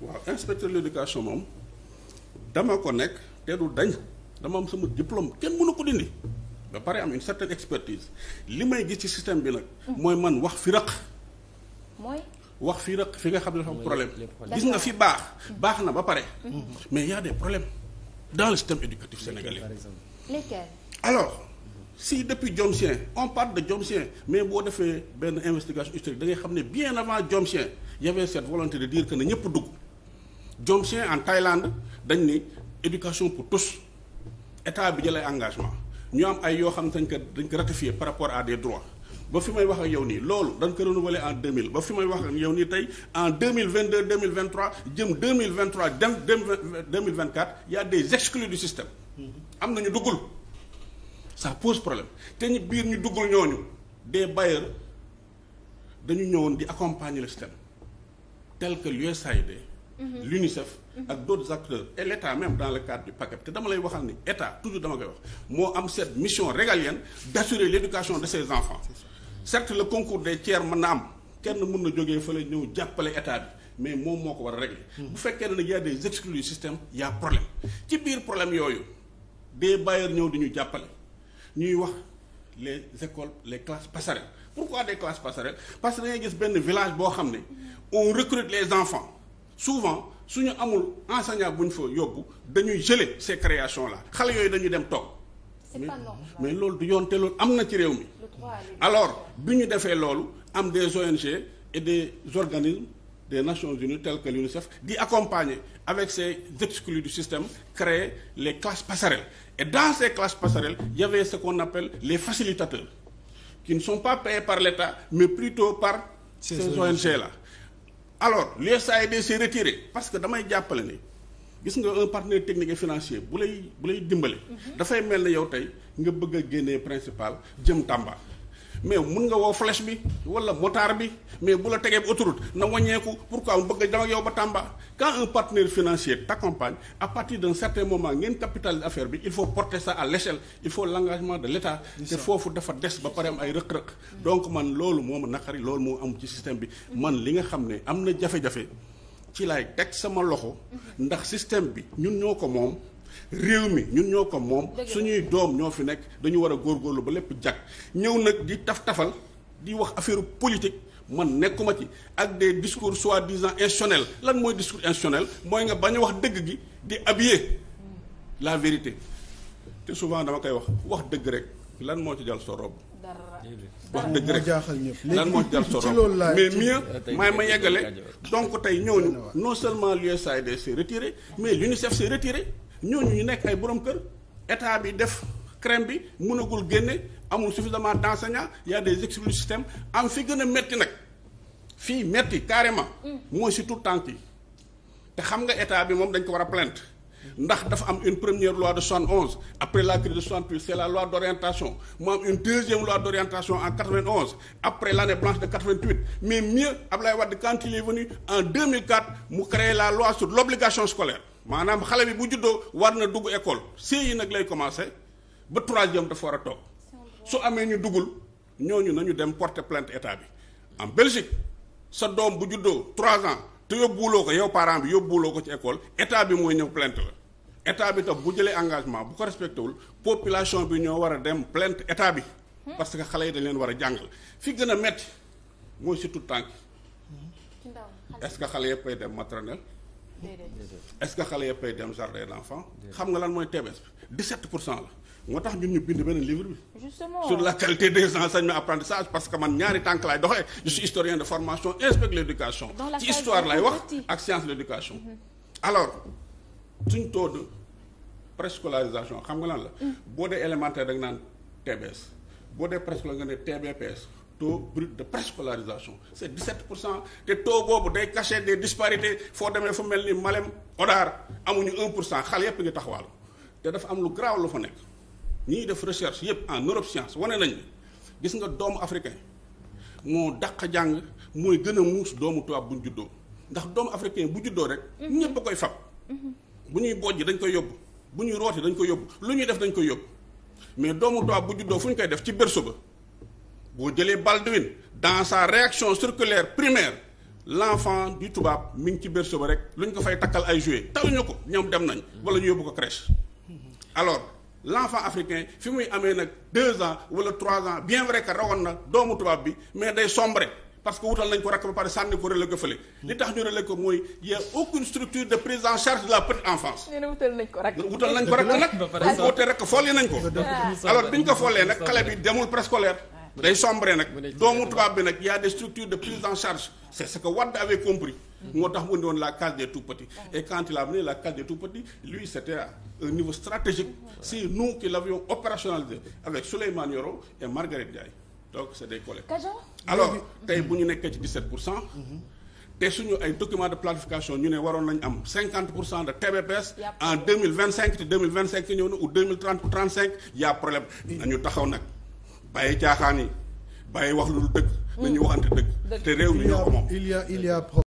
waaw inspecteur de l'éducation moom dama ko nekk te du dañ dama am sama diplôme kenn mënu ko dindi ba pare am une certaine expertise li may gis ci système bi nag. mooy man wax fi raq. mooy. wax fi raq fi nga xam ne dafa am problème. gis nga fi baax. Mm-hmm. baax na ba pare. Mm-hmm. Mm-hmm. mais y a des problèmes dans le système éducatif sénégalais. lesquels. alors si depuis Diomsien on parle de Diomsien mais boo defee benn investigation historique da ngay xam ne bien avant Diomsien y avait cette volonté de dire ñëpp dugg. cin en Thaïlande dañ ni éducation pour tous état bi jëlee engagement ñoo am ay yoo xam dañ ko dañ ko ratifié par rapport à des droits ba fi may wax ak yow nii loolu dañ ko renouveler en 2000 ba fi may wax ak yow nii tey en 2022 2023 jëm 2023 dem 2024 y a des exclus du système am na ñu duggul ça pose problème te ñu biir ñu duggul ñooñu des bailleurs dañu ñëwoon di accompagner le système tel que l'USAID Mm-hmm. l'UNICEF mm-hmm. ak d'autres acteurs et l'État même dans le cadre du paquet te dama lay waxal ni État toujours dama koy wax moo am cette mission régalienne d'assurer l'éducation de ses enfants certes le concours des tiers mën na am kenn mën na jógee fële ñëw jàppale état bi mais moom moo ko war a régler mm-hmm. bu fekkee ne nag y a des exclus du système y problème ci biir problème yooyu des bailleurs ñëw di ñu jàppale ñuy wax les écoles les classes passerelles pourquoi des classes passerelles parce que da ngay gis benn village boo xam ne on recrute les enfants souvent su ñu amul enseignant bu ñu fa yóbbu dañuy geler ces créations là xale yooyu dañuy dem toog. mais loolu du yoon te loolu am na ci réew mi. alors bi ñu defee loolu am des ONG et des organismes des Nations Unies tels que l'UNICEF di accompagner avec ces exclus du système créer les classes passerelles et dans ces classes passerelles il y avait ce qu'on appelle les facilitateurs qui ne sont pas payés par l'État mais plutôt par ces ONG la alors l'USAID s'est retiré parce que damay jàppale ni gis nga un partenaire technique financier bu lay bu lay dimbale. Mhm. dafay mel ne yow tey nga bëgg a génne principal jëm Tamba. mais mun nga woo flèche bi wala motard bi mais bu la tegee autoroute na wàññeeku pourquoi am bëgg a yow ba Tamba. quand un partenaire financier t'accompagne à partir d'un certain moment ngeen capital affaire bi il faut porter ça à l'échelle il faut l'engagement de l'État te foofu dafa des ba pare ay rëq-rëq. donc man loolu moo ma naqari loolu moo am ci système bi man li nga xam ne am na jafe-jafe ci lay teg sama loxo mm-hmm. ndax système bi ñun ñoo ko moom. réew mi ñun ñoo ko moom suñuy doom ñoo fi nekk dañu war a góor góorgóorlu ba lépp jag ñëw nag di taf-tafal di wax affaire politique man nekkuma ci ak des discours soi-disant institutionnels lan mooy discours institutionnel mooy nga bañ wax dëgg gi di habiller la vérité te souvent dama koy wax wax dëgg rek lan moo ci jàll sa robe wax dëgg rek lan moo ci jàll sa robe mais mieux maay ma yeggale donc tey ñëw ñooñu non seulement l'USAID s'est retiré mais l'UNICEF s'est retiré ñooñu ñu nekk ay borom kër état bi def crème bi mënagul génne amul suffisamment d' enseignants y' a des exclus système am fi gën a métti nag fii métti carrément. Mm. mooy si tout tànk yi te xam nga état bi moom dañ ko war a plainte ndax dafa am une première loi de 71 après la crise de 68 c' est la loi d' orientation am une deuxième loi d' en après l' année blanche de 88 mais mieux Ablaye Wade quand il est en 2004 mu créé la loi sur obligation scolaire. maanaam xale bi bu juddoo war na dugg école séy yi nag lay commencé ba troisième dafa war a toog su amee ñu duggul ñooñu nañu dem porter plainte état bi en Belgique sa doom bu juddoo trois ans te yóbbuwuloo ko yow parent bi yóbbuloo ko ci école état bi mooy ñëw plante la état bi tam bu jëlee engagement bu ko respecté wul population bi ñoo war a dem plainte état bi parce que xale yi dañ leen war a jàngal fi gën a metti mooy surtout tànk est-ce que xale yëpp ay dem maternelle est-ce que xale yëppay dem jardin d'enfants xam nga lan mooy TBS bi 17 pour cent la moo tax ñun ñu bind beneen livre bi sur la qualité des enseignements apprentissage parce que man ñaari tànk laay doxee je historien de formation inspecteur l'éducation ci histoire lay wax ak science l'éducation mm-hmm. alors suñ taux de xam nga lan la mm. boo dee élémentaire da nga naan TBS boo dee préscolaire nga ne TBPS taux brut de préscolarisation c' est 17 pour cent te taux boobu day cacher des disparité foo demee fu mel ni Malem Odar amuñu 1 pour cent xale yépp ngi taxawaalu te dafa am lu garaaw lu fa nekk ñiy def recherche yépp en neurosciences wane nañu gis nga doomu africain moo daq jàng mooy gën a muus doomu tubaab bu ñu juddoo ndax doomu africain bu juddoo rek mhm. ñépp a koy fab mhm. bu ñuy yi dañ koy yóbbu bu ñuy rooti dañ koy yóbbu lu ñuy def dañ koy yóbbu mais doomu tubaab bu juddoo fu koy def ci berceau ba boo jëlee Baldwin dans sa réaction circulaire primaire l'enfant du tubaab mu ngi ci berceau ba rek lu ñu ko fay takkal ay jouet taluñu ko ñoom dem nañ wala ñu yóbbu ko crèche alors l'enfant africain fi muy amee nag deux ans wala trois ans bien vrai que rawoon na doomu tubaab bi mais day sombre parce que wutal nañ ko rakk ba pare sànni ko relégué fële. li tax ñu relégué ko mooy y' a aucune structure de prise en charge de la petite enfance. wutal nañ ko ko rakk nag. ba pare sax day sombre nag doomu tubaab bi nag y a des de prise en charge c'est ce que Wade compris mm-hmm. moo tax mu indi woon la case des tout petits mm-hmm. et quand il a amené la case des tout petits lui c'était à un niveau stratégique c'est mm-hmm. nous qui l'avions opérationnalisé avec Souleymane Yoro et Margaret Ndiaye donc c'est des collègues alors tey bu ñu nekkee ci 17 pour cent ay document de planification ñu ne waroon nañu am 50 pour cent de TBPS en 2025 te 2025 ñëw na ou 2030 ou 35 y a taxaw nag bàyyi caaxaan yi bàyyi wax lu lu dëgg. nañu waxante dëgg. te réew mi ñoo ko moom. il y il y a